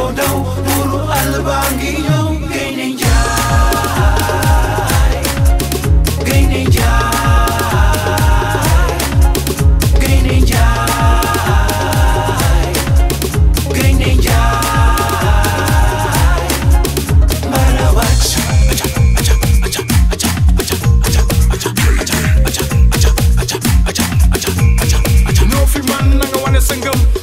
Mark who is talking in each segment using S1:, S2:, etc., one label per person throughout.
S1: bodau Muru albangi yo
S2: Single.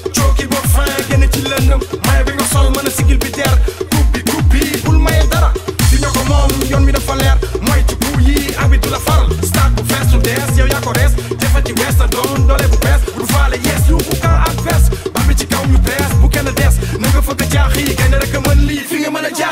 S3: jaax yi kenn rek mën lii fi nga mën a jaax